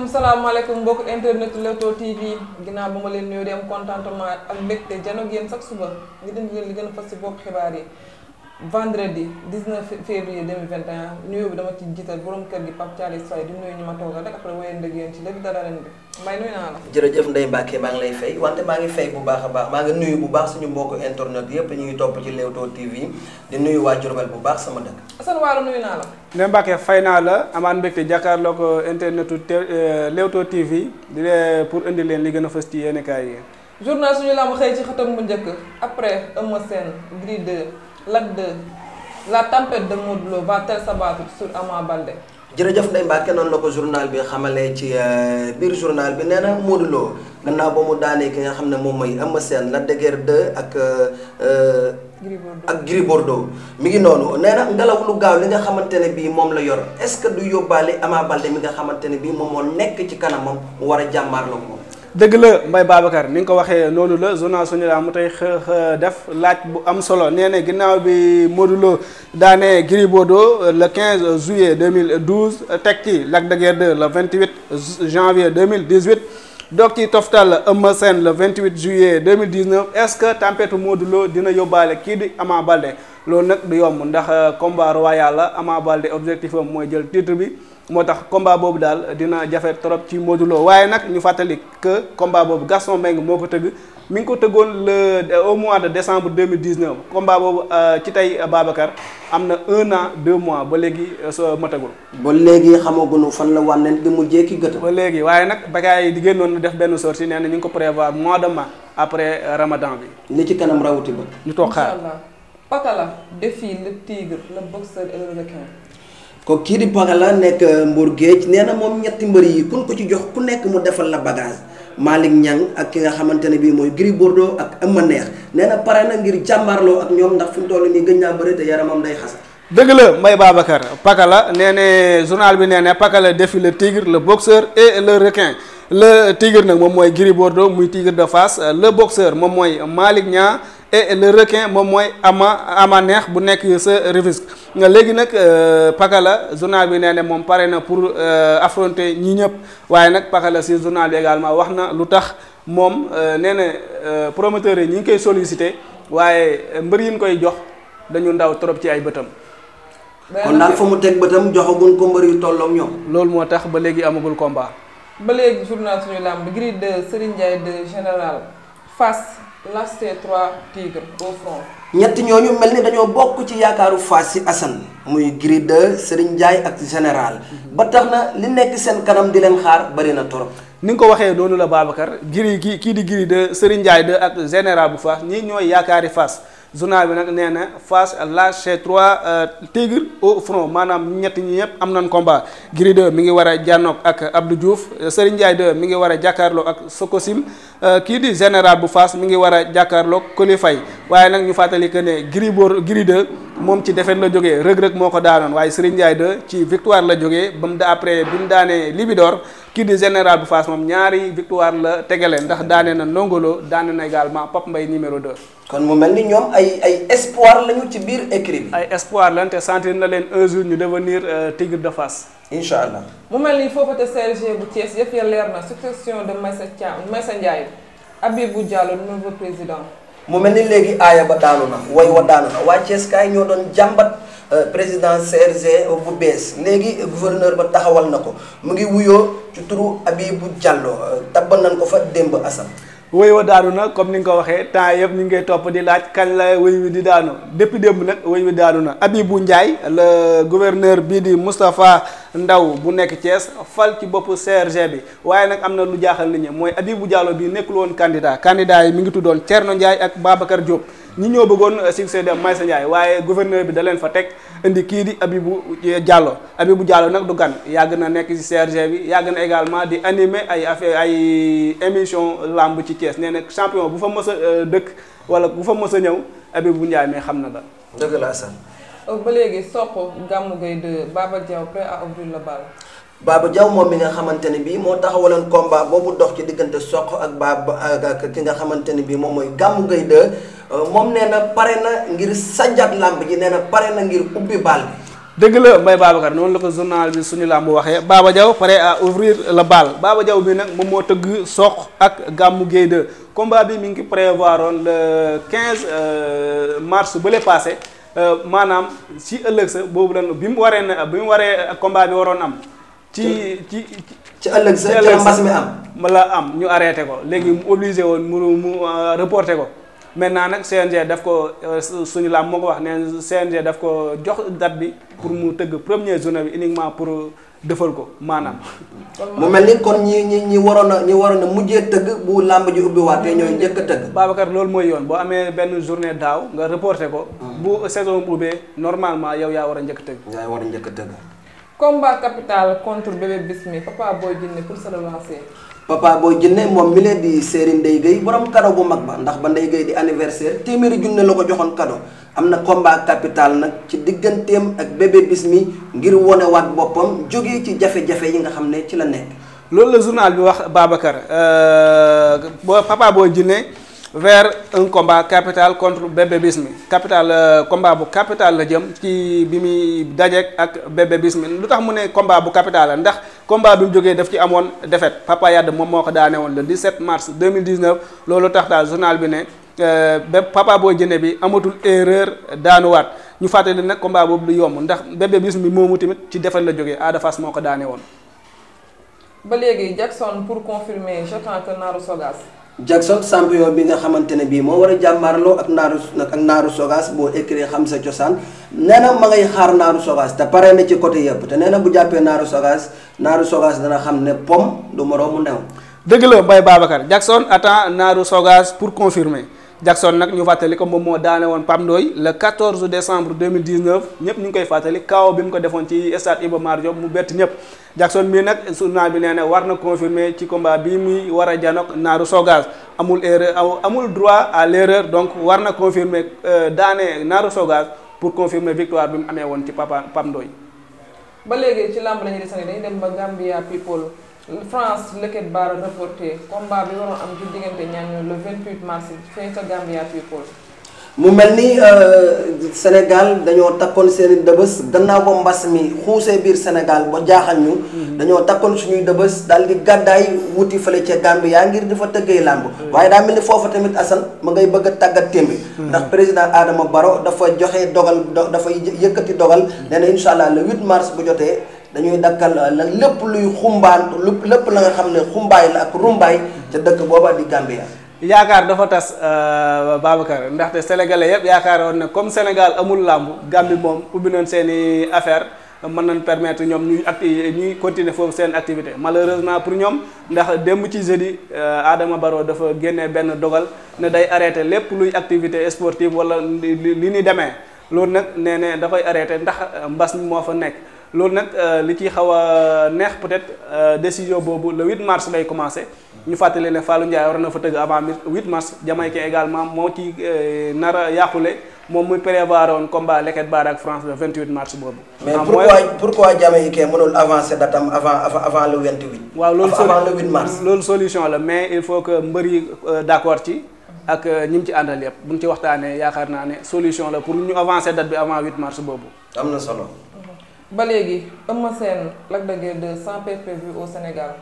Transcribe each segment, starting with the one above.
maaleykum salaamaaleykum mbokk internet Leewtoo TV ginnaaw ba ma leen nuyu dem contentement ak mbégte janoog yéen sax suba ngi dindi leen li gën a fas ci bopp xibaar yi vendredi 19 février 2021 nuyoo bi dama ci jiital borom kër gi Pape Thialis Faye di nuyu ñu ma toogal rek après wéyal ndëg yéen ci lépp dara ren bi may nuyu naa la. jërëjëf Ndeye Mbacke maa ngi lay fay wante maa ngi fay bu baax a baax maa ngi nuyu bu baax suñu mbokk internet yépp ñu ngi topp ci Leewtoo TV di nuyu waa Diourbel bu baax sama dëkk. Assane Waalo nuyu naa la. Ndeye Mbacke fay naa la amaan mbégte jàkkaarloo ko euh, internetu te euh, Leewtoo TV di leen pour indi leen li gën a fës ci yéenekaay yi. journal suñu lamb xëy ci xëtam bu njëkk après Eumeu Sène Gris 2 Lac 2 la tempête de Modou Lo va-t-elle sur Ama Baldé. jërëjëf Ndeye Mbacke noonu la ko journal bi xamalee ci euh, biir journal bi nee na Modou Lo gannaaw ba mu daanee ki nga xam ne moom mooy seen Sène Lac de Guiers 2 ak. Euh, euh, ak Gris Bordeaux mi ngi noonu nee na ngelaw lu gaaw li nga xamante ne bii moom la yor est-ce que du yóbbaale Ama Baldé mi nga xamante ne bii moom moo nekk ci kanamam war a jàmmaarloo ko dëgg la Mbaye Babacar ni nga ko waxee noonu la journal suñu la mu tey def laaj bu am solo nee na ginnaaw bi Modou Lo daane Gris Bordeaux le 15 juillet 2012 teg ci Lac de Guiers 2 le 28 janvier 2018 doog ci toftal Eumeu Sène le 28 juillet 2019 est-ce que tempête Modou Lo dina yóbbaale kii di Ama Baldé loolu nag du yomb ndax euh, combat royal la Ama Baldé objectif am mooy jël titre bi. moo tax combat boobu daal dina jafe trop ci Modou Lo waaye nag ñu fàttali que combat boobu Gaston Mbengue moo ko tëgg mi ngi ko tëggoon le au mois de décembre 2019 combat boobu euh, ci tey euh, Babacar am na un an deux mois ba léegi euh, soo matagul ba léegi xamaguñu fan la wànneen di mujjee ki gët ba léegi waaye nag bagaay yi di génnoon def benn sortie nee na ñu ngi ko prévoir mois de mars après ramadan bi li ci kanam rawati ba ñu toog xaar paka la défi ko kii di Pakala nekk Mbour Géej nee na moom ñetti mbër yi kun ko ci jox ku nekk mu defal la bagage Malick Niang ak ki nga xamante ne bii mooy Gris Bordeaux ak Eumeu Neex nee na pare ngir jàmbaarloo ak ñoom ndax fi mu nii gëj naa bëri te yaramam day xasa dëgg la Mbaye Babacar Pakala nee ne journal bi nee ne Pakala défie le tigre le boxeur et le requin le tigre nag moom mooy Gris Bordeaux muy tigre de Fass le boxeur moom mooy Malick Niang et le requin léegi nag euh, Pakala journal bi nee ne moom pare na pour euh, affronter ñi ñëpp waaye nag Pakala si journal bi également wax na lu tax moom euh, nee na promoteur yi ñu ngi koy sollicité waaye mbër yi ñu koy jox dañu ndaw trop ci ay bëtam. kon daal fa mu teg bëtam joxagul ko mbër yu tolloog ñoom. loolu moo tax ba léegi amagul combat. ba léegi journal suñu làmb grille de Serigne Ndiaye de général face lacet 3 tigre au front. ñett ñooñu mel ni dañoo bokk ci yaakaaru Fass si Assane muy Gris 2 Serigne Ndiaye ak général ba tax na li nekk seen kanam di leen xaar bari na torop ni nga ko waxee doonu la Babacar Gris kii kii di Gris 2 Serigne Ndiaye 2 ak général bu Fass ñii ñooy yaakaari Fass journal bi nag nee na face la lâche trois euh, tigres au front maanaam ñett ñi ñëpp am nañ combat Gris 2 mi ngi war a jànnoog ak Abdou Diouf euh, Serigne Ndiaye 2 mi ngi war a jàkkaarloo ak Sokosim euh, kii di général bu Fass mi ngi war a jàkkaarloo Koli Faye waaye nag ñu fàttali que ne Gris Bor Gris moom ci defet la jóge rëg-rëg moo ko daanoon waaye Serigne Ndiaye 2 ci victoire la jógee ba mu da après bi mu daanee Libidor kii di général bu Fass moom ñaari victoire la tegale ndax daane na Nongolo daane na également Pape numéro 2 kon mu mel ni ñoom ay ay espoir lañu ci biir écrit ay espoir lañ te sentir na leen un jour ñu devenir euh, tigre de fas incha allah. mu mel ni foofu te CLG bu Thiès yëf ya leer na succession de Maïssa Thiam Maïssa bu Abibou Diallo nouveau président. mu mel ni léegi aaya ba daanu na way wa daanu na waa Thiès kaay ñoo doon jàmbat euh, président CRG bu bees léegi gouverneur ba taxawal na ko mu ngi wuyoo ci turu Abibou Diallo euh, tabbal nañ ko fa démb asam wéy wa daanu na comme ni nga ko waxee temps yëpp ñu ngi koy topp di laaj kañ la wéy wi di daanu dépp démb nag wéy wi daanu na Abibou Ndiaye le gouverneur bii di Moustapha ndaw bu nekk Thiès fal ci bopp CRG bi waaye nag am na lu jaaxal nit ñi mooy abi bu Diallo bi nekkul woon candidat candidat yi mi ngi tuddoon Thierno Ndiaye ak Babacar Diop ñi ñoo bëggoon succéder sa Ndiaye waaye gouverneur bi daleen fa teg indi kii di abi bu Abibou eh, Diallo bu Diallo nag du gan yàgg na nekk ci CRG bi yàgg na également di anime ay affaire ay émission lamb ci Thiès nee na champion bu fa mës a eh, dëkk wala bu fa mës a ñëw bu Ndiaye mais xam na la Euh, ba léegi soq Gamou Gueye de Baba Diaw prêt à ouvrir Baba Diaw moom mi nga xamante ne bii moo taxawaloon combat boobu dox ci diggante soq ak Baba ak ki nga xamante ne bii moom mooy Gamou Gueye euh, moom nee na pare na ngir sajjat làmb ji nee na pare na ngir ubbi bal dëgg la Mbaye Babacar noonu la ko bi suñu làmb waxee Baba Diaw prêt à le bal Baba Diaw bi nag moom moo tëgg soq ak Gamou Gueye de combat bi mi ngi prévoiroon le 15 euh, mars bële passé. Euh, maanaam si ëllëg sa boobu lan bi mu waree na bi mu waree combat bi waroon am. ci ci ci ëllëg sa ci la mbas mi am. la am ñu arrêté ko léegi mu obligé woon mu mu euh, reporté ko maintenant nag CNG daf ko euh, suñu laam moo ko wax ne CNG daf ko jox date bi pour mu tëgg première journée bi uniquement pour. defal ko maanaam. mu mel ni kon ñi ñi ñi waroon na ñi waroon a mujjee tëgg bu làmb ji ubbiwaatee ñooy njëkk a tëgg. baabakat loolu mooy yoon boo amee benn journée daaw nga reporté ko. Hmm. bu saison bu ubbee normalement yow yaa war a njëkk a tëgg. yaa war a njëkk a tëgg. combat capital contre bébé Bismi papa booy jinne pour se relancer. papa booy jinne moom mi leen di séeri Ndeye Gueye borom cadeau bu mag ba ndax ba Ndeye Gueye di anniversaire téeméeri junne la ko joxoon cadeau. am na combat capital nag ci digganteem ak bébé bismi ngir wonewaat boppam jóge ci jafe-jafe yi nga xam ne ci la nekk. loolu la journal bi wax Babacar euh, boo Papa Boy Djiné vers un combat capital contre bébé bismi capital euh, combat bu capital la jëm ci bi muy dajeek ak bébé bismi lu tax mu ne combat bu capital la ndax combat bi mu jógee daf ci amoon défaite Papa Yade moom moo ko daane woon le 17 mars 2019 loolu tax daal journal bi ne. Euh, bé Papa boo Djiné bi amatul erreur daanuwaat ñu fàttali nag combat boobu du yomb ndax be Bébé Bismi moomu tamit ci defal la jógee Ada Fass moo ko daanee woon. ba léegi Jackson pour confirmer j'attends que Naaru Sogas. Jackson champion bi nga xamante ne bii moo war a jàmmaarloo ak Naaru ak Naaru Sogas boo xam sa cosaan nee na ma ngay xaar Naaru Sogas te pare na ci côté yëpp te nee bu jàppee Naaru Sogas Naaru Sogas dana xam ne pom du moroom mu new. dëgg la Mbaye Babacar Jackson attend Naaru Sogas pour confirmer. Jackson nag ñu fàttali ko moom moo daane woon Pape Ndoye le 14 décembre 2019 ñëpp ñu ngi koy fàttali kaw bi mu ko defoon ci stade Iba Mar Diop mu bett ñëpp Jackson mii nag journal bi nee na war na confirmer ci combat bi muy war a janok naaru Sogas amul erreur amul droit à l'erreur donc war na confirmer euh, daane naaru Sogas pour confirmer victoire bi mu amee woon ci Papa Pape Ndoye. ba léegi ci làmb la ñuy desandi dem ba Gambia People. France Leket Bara reporté combat bi waroon am ci diggante ñaan le 28 mars fee ca Gambia People mu mel ni euh, Sénégal dañoo takkoon seen i dëbës gannaaw ba mbas mi xuusee biir Sénégal ba jaaxal ñu. Mhm. dañoo takkoon suñuy dëbës daal di gàddaay wuti fale ca Gambie yaa ngir di fa tëggee làmb. Mhm. waaye daa mel ni foofa tamit Assane ma ngay bëgg a tàggat témbe mhm. ndax président Adama Baro dafa joxe dogal dafay yëkkati dogal nee na incha allah le mars bu jotee. dañuy dakkal euh, la lépp luy xumbaan lépp la nga xam ne xumbaay la ak rumbaay ca dëkk boobaat di Gambia yaakaar dafa tas euh, Babacar ndaxte sénégalais yëpp yaakaaroon ne comme Sénégal amul làmb Gambie moom ubbi nañ seen i affaire mën nañ permettre ñoom ñuy acti ñuy continuer foofu seen activité malheureusement pour ñoom ndax démb ci jeudi aadama euh, Barrow dafa génne benn dogal ne day arrêter lépp luy activité sportive wala li ni demee loolu nag nee ne dafay arrêter ndax mbas moo fa nekk loolu nag euh, li ci xaw a euh, neex peut-être euh, décision boobu le 8 mars lay commencé. ñu fàttali ne Fallou Ndiaye war na fa tëgg avant 8 mars Jamaïcain également moo ci nar a yàqule moom muy prévoir woon combat Leket Baar ak France le 28 mars boobu. mais pourquoi pourquoi Jamaïcain mënul avancer datam avant avant le 28. waaw loolu avant le 8 mars loolu solution la mais il faut que mbër yi d'accord ci. ak ñi mu ci àndal yëpp bu nu ci waxtaanee yaakaar naa ne solution la pour ñu avancer date bi avant 8 boobu. am na solo. ba léegi Eumeu Sène Lac de Guiers 2 sans PPV au Sénégal.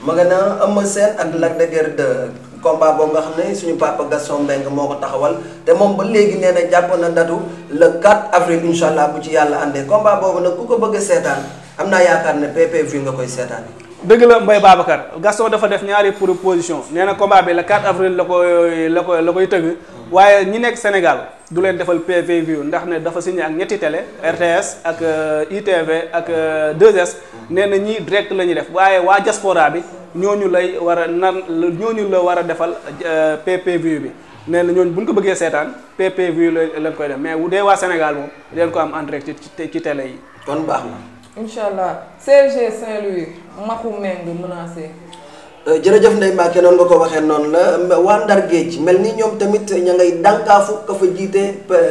ma nga naa Eumeu Sène ak Lac de Guiers 2 combat boobu nga xam ne suñu papa Gaston Mbengue moo ko taxawal te moom ba léegi nee na jàpp na datu le 4 avril incha allah bu ci yàlla àndee combat boobu nag ku ko bëgg a seetaan am naa yaakaar ne PPV nga koy seetaan. dëgg la Mbaye Babacar Gaston dafa def ñaari proposition nee na combat bi la 4 avril la koy la koy la koy tëgg hmm. waaye ñi nekk Sénégal. du leen defal PV view ndax ne dafa signé ak ñetti tele RTS ak euh, ITV ak 2S euh, nee na ñii direct la ñuy def waaye waa diaspora bi ñooñu lay war a nar ñu la war a defal euh, PPV bi nee na ñooñu bu ñu ko bëggee seetaan PPV la leen koy def mais bu dee waa Sénégal moom leen ko am en direct ci ci télé yi. kon baax na. incha allah CG Saint-Louis Maxu Meng menacé. Euh, jërëjëf Ndeye Mbacke noonu nga ko waxee noonu la waa Ndar Géej mel nii ñoom tamit ña ngay dànkaafu ka fa jiite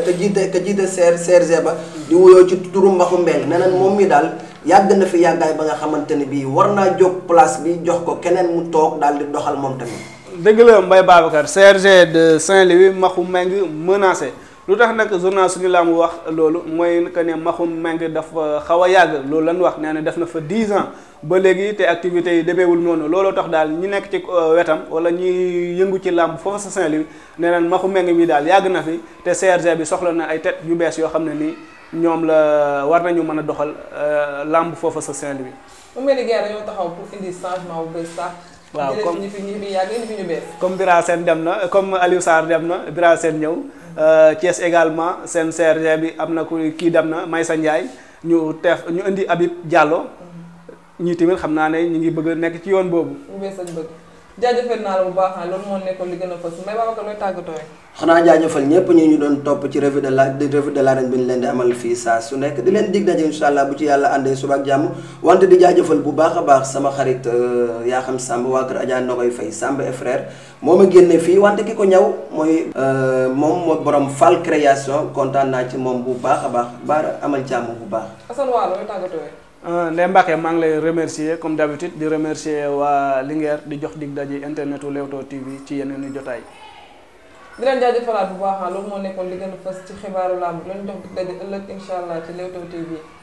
ka jiite ka jiite ser serge ba di wuyoo ci turu mbaxu mbeel nee na moom mi daal yàgg na fi yàggaay ba nga xamante ne bii war naa jóg place bi jox ko keneen mu toog daal di doxal moom tamit dëgg la Mbaye Babacar serge de Saint-Louis mbaxu mbeng menacé lu tax nag journal suñu laamu wax loolu mooy que ne Makhum Mbengue dafa euh, xaw a yàgg loolu lan wax nee na def na fa 10 ans ba léegi te activité yi demeewul noonu looloo tax daal ñi nekk ci euh, wetam wala ñi yëngu ci làmb foofa sa Saint-Louis nee na Makhum Mbengue mi daal yàgg na fi te CRG bi soxla na ay tête yu bees yoo xam ne nii ñoom la euh, war nañu mën a doxal làmb foofa sa Saint-Louis. mu mel ni gars taxaw pour indi changement bu bees sax. waaw comme ñu fi ñu yàgg comme Bira Sène dem na comme Aliou Sarr dem na Bira Sène ñëw euh, Thiès également seen CRG bi am na ku kii dem na may sa Ndiaye ñu teef ñu indi abit Diallo mhm. ñii tamit xam naa ne ñu ngi bëgg nekk ci yoon boobu. jaajëfal naa la bu baax loolu moo nekkoon li gën a fës mais Babacar looy tàggatoo xanaa jaajëfal ñëpp ñu doon topp ci revue de la revue de l'arène bi ñu di amal fii saa su nekk di leen dig daje incha allah bu ci yàlla àndee suba ak jàmm wante di jaajëfal bu baax a baax sama xarit euh, yaa xam Samb waa kër Adja Ndogoy Faye Samb et frère moo ma génne fii wante ki ko ñaw mooy euh, moom moo boroom Fall création kontaan naa ci moom bu baax a baax baa amal jàmm bu baax. Euh, Ndeye Mbacke maa ngi lay remercier comme d'habitude di remercier waa Linguère di jox dig daje internetu Leewtoo TV ci yeneen i jotaay. di leen jaajëfalaat bu baax loolu moo nekkoon li gën a fës ci xibaaru làmb loolu jox dig daje ëllëg allah ci Leewtoo TV.